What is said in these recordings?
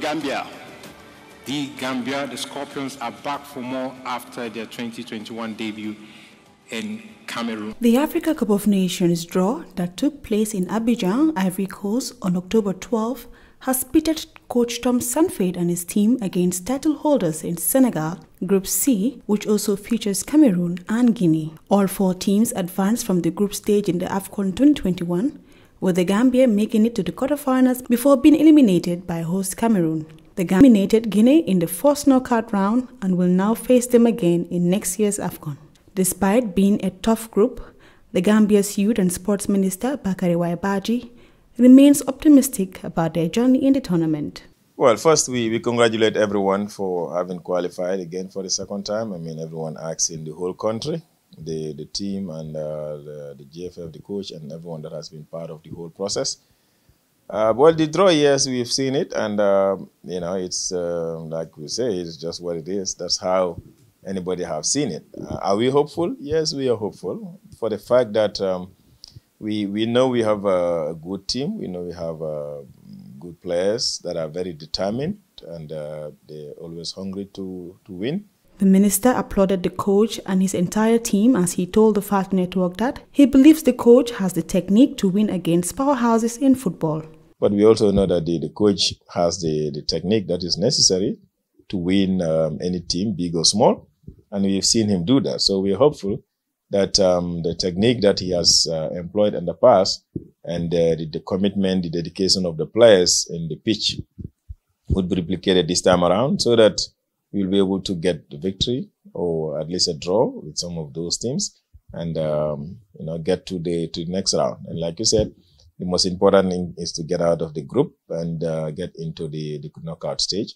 The Gambia. The Gambia, the Scorpions are back for more after their 2021 debut in Cameroon. The Africa Cup of Nations draw that took place in Abidjan, Ivory Coast on October 12 has pitted coach Tom Sanford and his team against title holders in Senegal, Group C, which also features Cameroon and Guinea. All four teams advanced from the group stage in the AFCON 2021 with the Gambia making it to the quarterfinals before being eliminated by host Cameroon. The Gambia eliminated Guinea in the first knockout round and will now face them again in next year's AFCON. Despite being a tough group, the Gambia's Youth and Sports Minister, Bakari Waibaji, remains optimistic about their journey in the tournament. Well, first, we, we congratulate everyone for having qualified again for the second time. I mean, everyone acts in the whole country the the team and uh, the, the, GFF, the coach, and everyone that has been part of the whole process. Uh, well, the draw, yes, we've seen it, and uh, you know, it's um, like we say, it's just what it is. That's how anybody have seen it. Uh, are we hopeful? Yes, we are hopeful for the fact that um, we we know we have a good team. We know we have uh, good players that are very determined and uh, they're always hungry to to win. The minister applauded the coach and his entire team as he told the Fast network that he believes the coach has the technique to win against powerhouses in football. But we also know that the, the coach has the, the technique that is necessary to win um, any team, big or small. And we've seen him do that. So we're hopeful that um, the technique that he has uh, employed in the past and uh, the, the commitment, the dedication of the players in the pitch would be replicated this time around so that you'll be able to get the victory or at least a draw with some of those teams and um, you know get to the to the next round. And like you said, the most important thing is to get out of the group and uh, get into the, the knockout stage.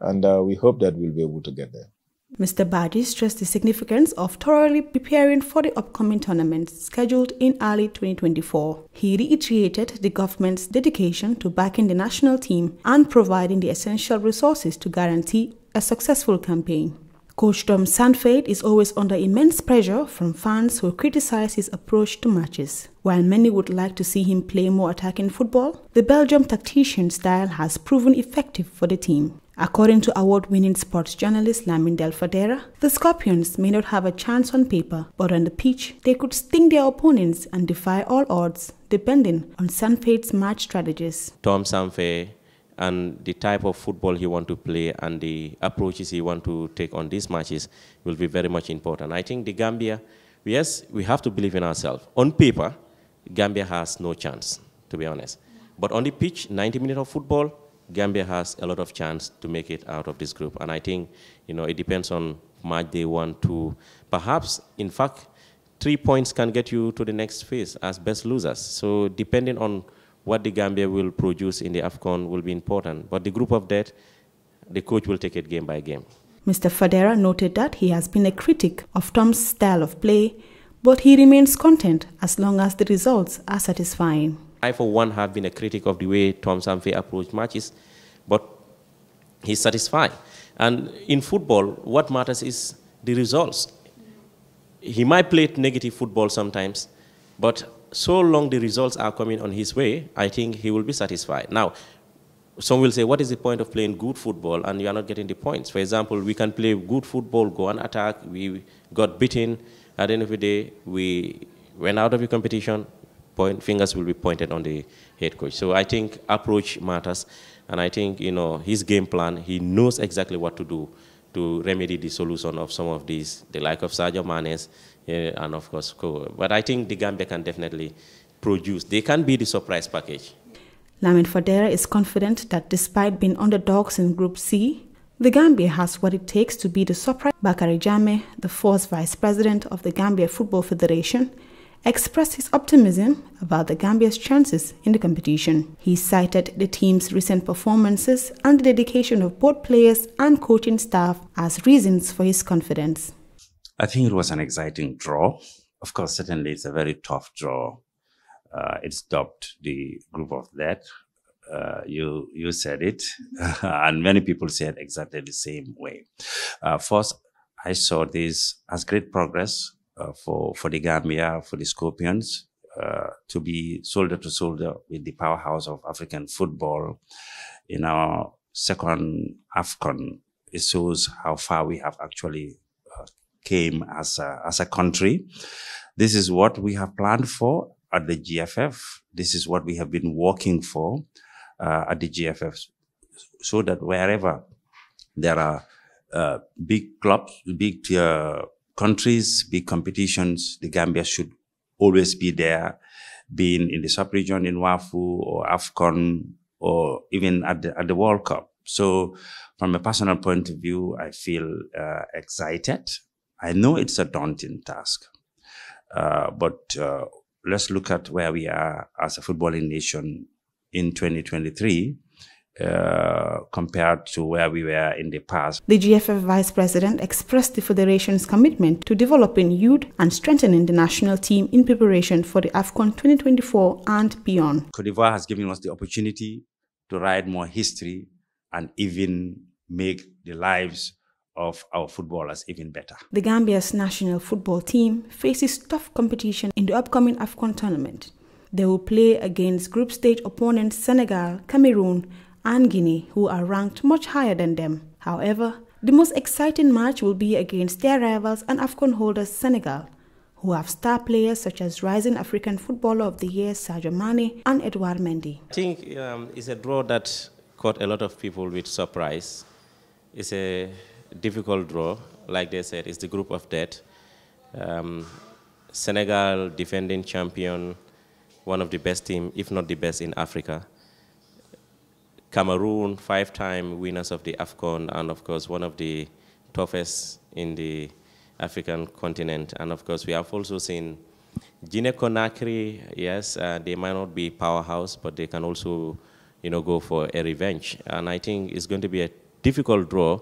And uh, we hope that we'll be able to get there. Mr. Badi stressed the significance of thoroughly preparing for the upcoming tournament scheduled in early 2024. He reiterated the government's dedication to backing the national team and providing the essential resources to guarantee a successful campaign. Coach Tom Sanfey is always under immense pressure from fans who criticize his approach to matches. While many would like to see him play more attacking football, the Belgium tactician's style has proven effective for the team. According to award winning sports journalist Lamin Del Fadera, the Scorpions may not have a chance on paper, but on the pitch, they could sting their opponents and defy all odds, depending on Sanfe's match strategies. Tom Sanfe and the type of football he want to play and the approaches he want to take on these matches will be very much important. I think the Gambia, yes, we have to believe in ourselves. On paper, Gambia has no chance, to be honest. But on the pitch, 90 minutes of football, Gambia has a lot of chance to make it out of this group. And I think, you know, it depends on much they want to. Perhaps, in fact, three points can get you to the next phase as best losers. So depending on what the Gambia will produce in the AFCON will be important. But the group of death, the coach will take it game by game. Mr. Fadera noted that he has been a critic of Tom's style of play, but he remains content as long as the results are satisfying. I, for one, have been a critic of the way Tom Samfe approached matches, but he's satisfied. And in football, what matters is the results. He might play negative football sometimes, but so long the results are coming on his way, I think he will be satisfied. Now, some will say, what is the point of playing good football and you are not getting the points? For example, we can play good football, go and attack, we got beaten. At the end of the day, we went out of the competition, point, fingers will be pointed on the head coach. So I think approach matters, and I think you know his game plan. He knows exactly what to do to remedy the solution of some of these, the like of Sergio Manes, and of course But I think the Gambia can definitely produce. They can be the surprise package. Lamin Fadera is confident that despite being underdogs in Group C, the Gambia has what it takes to be the surprise. Bakari Jame, the fourth vice president of the Gambia Football Federation, expressed his optimism about the Gambia's chances in the competition. He cited the team's recent performances and the dedication of both players and coaching staff as reasons for his confidence. I think it was an exciting draw. Of course, certainly it's a very tough draw. Uh, it stopped the group of that. Uh, you you said it, and many people said exactly the same way. Uh, first, I saw this as great progress uh, for, for the Gambia, for the Scorpions, uh, to be shoulder to shoulder with the powerhouse of African football in our second AFCON. It shows how far we have actually uh, came as a, as a country. This is what we have planned for at the GFF. This is what we have been working for uh, at the GFF, so that wherever there are uh, big clubs, big uh, countries, big competitions, the Gambia should always be there, being in the sub-region in WAFU or AFCON or even at the, at the World Cup. So from a personal point of view, I feel uh, excited. I know it's a daunting task, uh, but uh, let's look at where we are as a footballing nation in 2023 uh, compared to where we were in the past. The GFF vice president expressed the federation's commitment to developing youth and strengthening the national team in preparation for the AFCON 2024 and beyond. Cote d'Ivoire has given us the opportunity to write more history and even make the lives of our footballers even better. The Gambia's national football team faces tough competition in the upcoming AFCON tournament. They will play against group stage opponents Senegal, Cameroon, and Guinea, who are ranked much higher than them. However, the most exciting match will be against their rivals and AFCON holders Senegal, who have star players such as rising African Footballer of the Year Sadio Mane and Edouard Mendy. I think um, it's a draw that caught a lot of people with surprise. It's a difficult draw. Like they said, it's the group of death. Um, Senegal, defending champion, one of the best team, if not the best in Africa. Cameroon, five-time winners of the AFCON, and of course one of the toughest in the African continent. And of course we have also seen Guinea Conakry, yes, uh, they might not be powerhouse, but they can also, you know, go for a revenge. And I think it's going to be a difficult draw.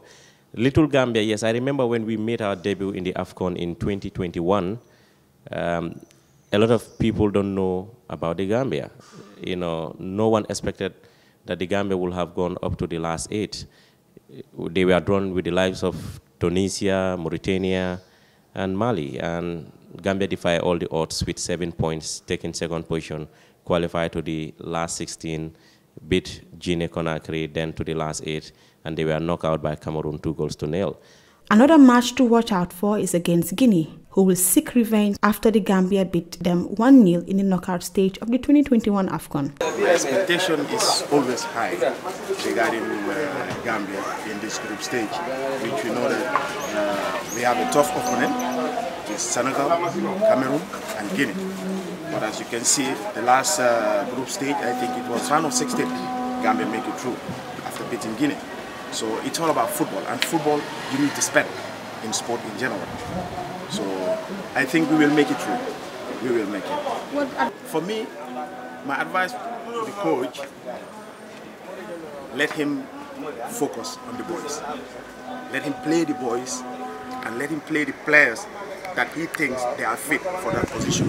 Little Gambia, yes, I remember when we made our debut in the AFCON in 2021, um, a lot of people don't know about the Gambia. You know, no one expected that the Gambia would have gone up to the last eight. They were drawn with the lives of Tunisia, Mauritania, and Mali. And Gambia defied all the odds with seven points, taking second position, qualified to the last 16, beat Guinea-Conakry, then to the last eight, and they were knocked out by Cameroon two goals to nil. Another match to watch out for is against Guinea, who will seek revenge after the Gambia beat them 1 0 in the knockout stage of the 2021 AFCON. The expectation is always high regarding uh, Gambia in this group stage, which we know that uh, we have a tough opponent, is Senegal, Cameroon, and Guinea. But as you can see, the last uh, group stage, I think it was round of 16, Gambia make it through after beating Guinea. So it's all about football, and football you need to spend in sport in general. So I think we will make it through. We will make it. For me, my advice to the coach, let him focus on the boys. Let him play the boys and let him play the players that he thinks they are fit for that position.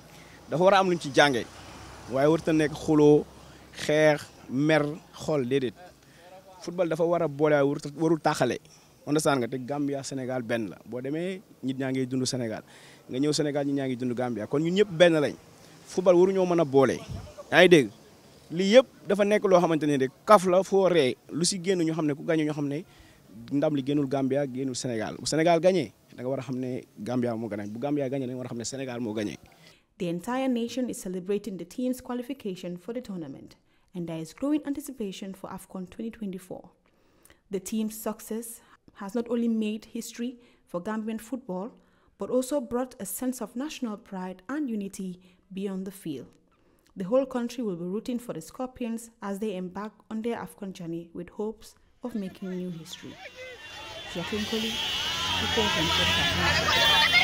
dafa war a am lu ñu ci jàngee waaye warut ta nekk xuloo xeex mer xool déedéet football dafa war a boole waaye warul taxale understand nga te Gambia Sénégal benn la boo demee nit ñaa ngi dund Sénégal nga ñëw Sénégal nit ñaa ngi dund Gambia kon ñun ñëpp benn lañ football waruñoo mën a boole. yaa ngi dégg lii yëpp dafa nekk loo xamante ne rek kaf foo ree lu si génn ñu xam ne ku gagné ñu xam ne ndam li génnul Gambia génnul Sénégal bu Sénégal gagné da war a xam ne Gambia moo gagné bu Gambia gagné da nga war a xam ne Sénégal moo gagné. The entire nation is celebrating the team's qualification for the tournament, and there is growing anticipation for AFCON 2024. The team's success has not only made history for Gambian football, but also brought a sense of national pride and unity beyond the field. The whole country will be rooting for the Scorpions as they embark on their AFCON journey with hopes of making new history. Jacqueline Coley, for